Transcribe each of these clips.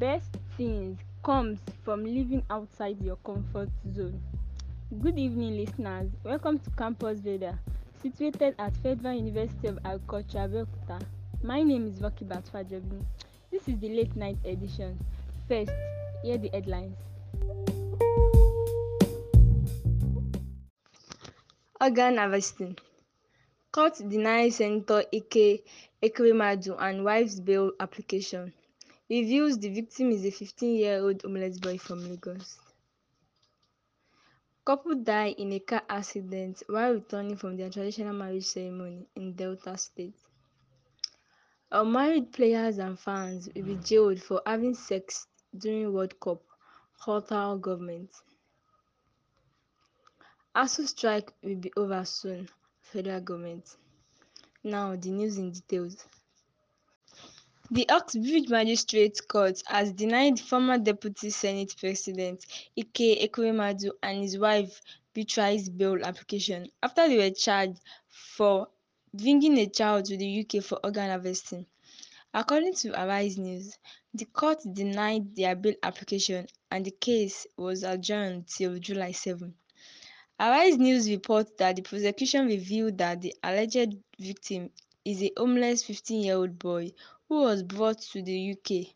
best things comes from living outside your comfort zone. Good evening, listeners. Welcome to Campus Veda, situated at Federal University of Agriculture, Abeokuta. My name is Vaki Batfajabi. This is the late night edition. First, hear the headlines. Organ harvesting. Court denies Senator Ike Ekwemadu and wife's bail application. Reveals the victim is a 15-year-old homeless boy from Lagos. Couple die in a car accident while returning from their traditional marriage ceremony in Delta State. Married players and fans will be jailed for having sex during World Cup, Qatar government. ASU strike will be over soon, federal government. Now the news in details. The Oxbridge Magistrates Court has denied former Deputy Senate President Ike Ekwuremadu and his wife Beatrice bail application after they were charged for bringing a child to the UK for organ harvesting. According to Arise News, the court denied their bail application and the case was adjourned till July 7. Arise News reports that the prosecution revealed that the alleged victim is a homeless 15-year-old boy who was brought to the UK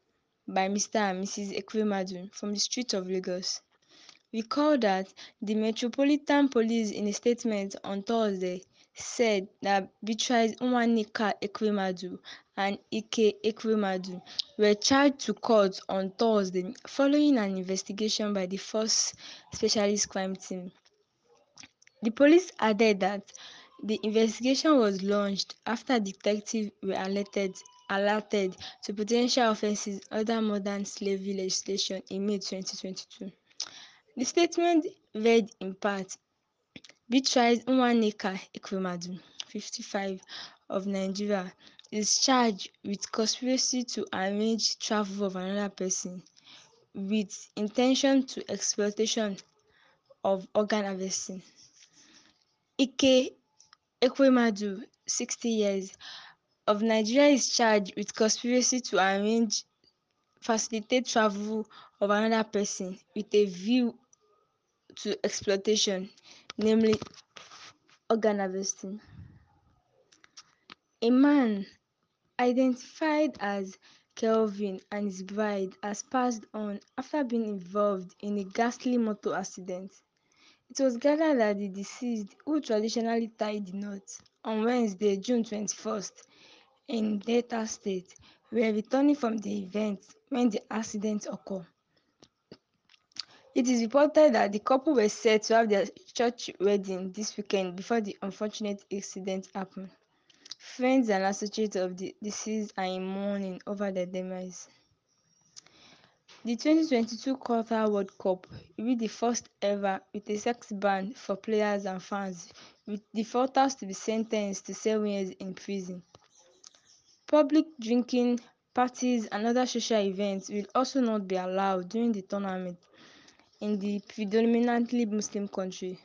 by Mr. and Mrs. Ekwemadun from the streets of Lagos. Recall that the Metropolitan Police, in a statement on Thursday, said that Beatrice Ekwe Ekwemadu and Ike Ekwemadu were charged to court on Thursday following an investigation by the force specialist crime team. The police added that the investigation was launched after detectives were alerted alerted to potential offenses under modern slavery legislation in May 2022. The statement read in part Beatrice Nwaneka Ekwemadu, 55, of Nigeria, is charged with conspiracy to arrange travel of another person with intention to exploitation of organ harvesting. Ike Ekwemadu, 60 years, of Nigeria is charged with conspiracy to arrange facilitate travel of another person with a view to exploitation, namely organ harvesting. A man identified as Kelvin and his bride has passed on after being involved in a ghastly motor accident. It was gathered that the deceased, who traditionally tied the knot, on Wednesday, June 21st, in Delta State, were returning from the event when the accident occurred. It is reported that the couple were set to have their church wedding this weekend before the unfortunate accident happened. Friends and associates of the deceased are in mourning over the demise. The 2022 Qatar World Cup will be the first ever with a sex ban for players and fans, with defaulters to be sentenced to seven years in prison. Public drinking, parties, and other social events will also not be allowed during the tournament in the predominantly Muslim country.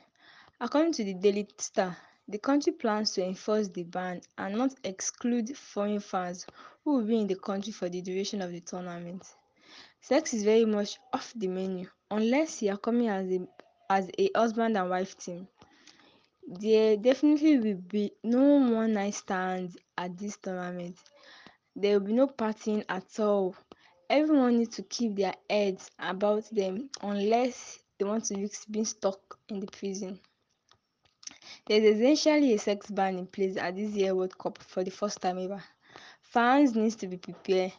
According to the Daily Star, the country plans to enforce the ban and not exclude foreign fans who will be in the country for the duration of the tournament. Sex is very much off the menu unless you are coming as a as a husband and wife team. There definitely will be no one night stands at this tournament. There will be no partying at all. Everyone needs to keep their heads about them unless they want to risk being stuck in the prison. There's essentially a sex ban in place at this year World Cup for the first time ever. Fans need to be prepared.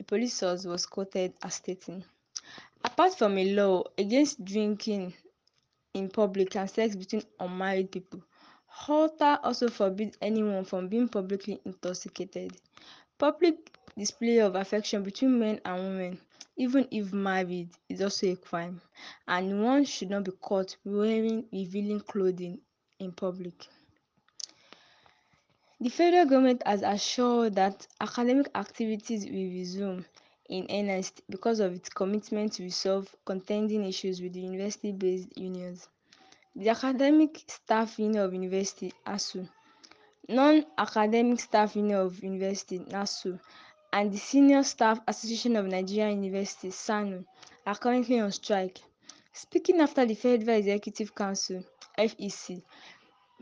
a police source was quoted as stating, apart from a law against drinking in public and sex between unmarried people, HOTA also forbids anyone from being publicly intoxicated. Public display of affection between men and women, even if married, is also a crime, and one should not be caught wearing revealing clothing in public. The federal government has assured that academic activities will resume in earnest because of its commitment to resolve contending issues with the university-based unions. The Academic Staff Union of University (ASU), Non-Academic Staff Union of University (NASU), and the Senior Staff Association of Nigerian Universities (SANU) are currently on strike. Speaking after the Federal Executive Council (FEC)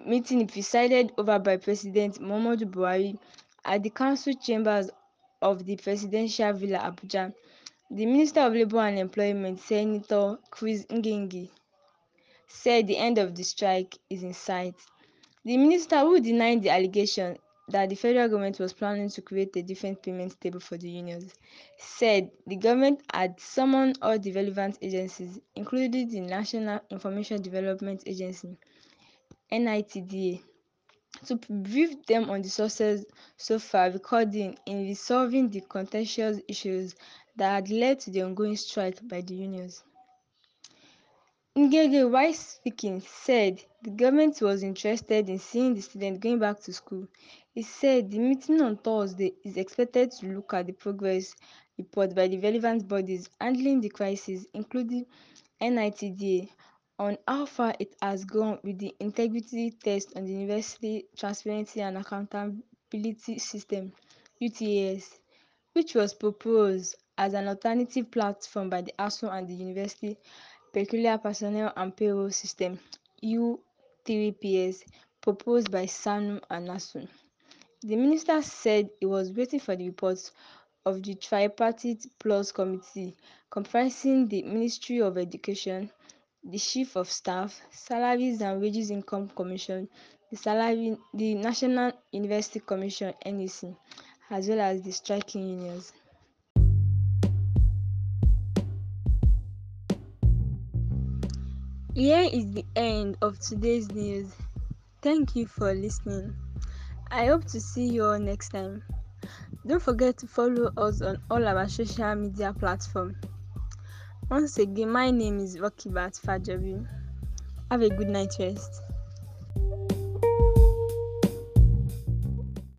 meeting presided over by President Muhammadu Buhari at the council chambers of the Presidential Villa Abuja, the Minister of Labour and Employment, Senator Chris Ngengi said the end of the strike is in sight. The minister, who denied the allegation that the federal government was planning to create a different payment table for the unions, said the government had summoned all the relevant agencies, including the National Information Development Agency, NITDA. To brief them on the success so far recording in resolving the contentious issues that had led to the ongoing strike by the unions. Ngege, while speaking, said the government was interested in seeing the students going back to school. He said the meeting on Thursday is expected to look at the progress report by the relevant bodies handling the crisis, including NITDA, on how far it has gone with the integrity test on the University Transparency and Accountability System (UTAS), which was proposed as an alternative platform by the ASUU and the University Peculiar Personnel and Payroll System (U3PS) proposed by SANU and ASUU. The minister said he was waiting for the reports of the Tripartite Plus Committee comprising the Ministry of Education, the chief of staff, salaries and wages income commission, the salary, the National University Commission (NEC), as well as the striking unions. Here is the end of today's news. Thank you for listening. I hope to see you all next time. Don't forget to follow us on all our social media platforms. Once again, my name is Rocky Bat Fajabi. Have a good night rest.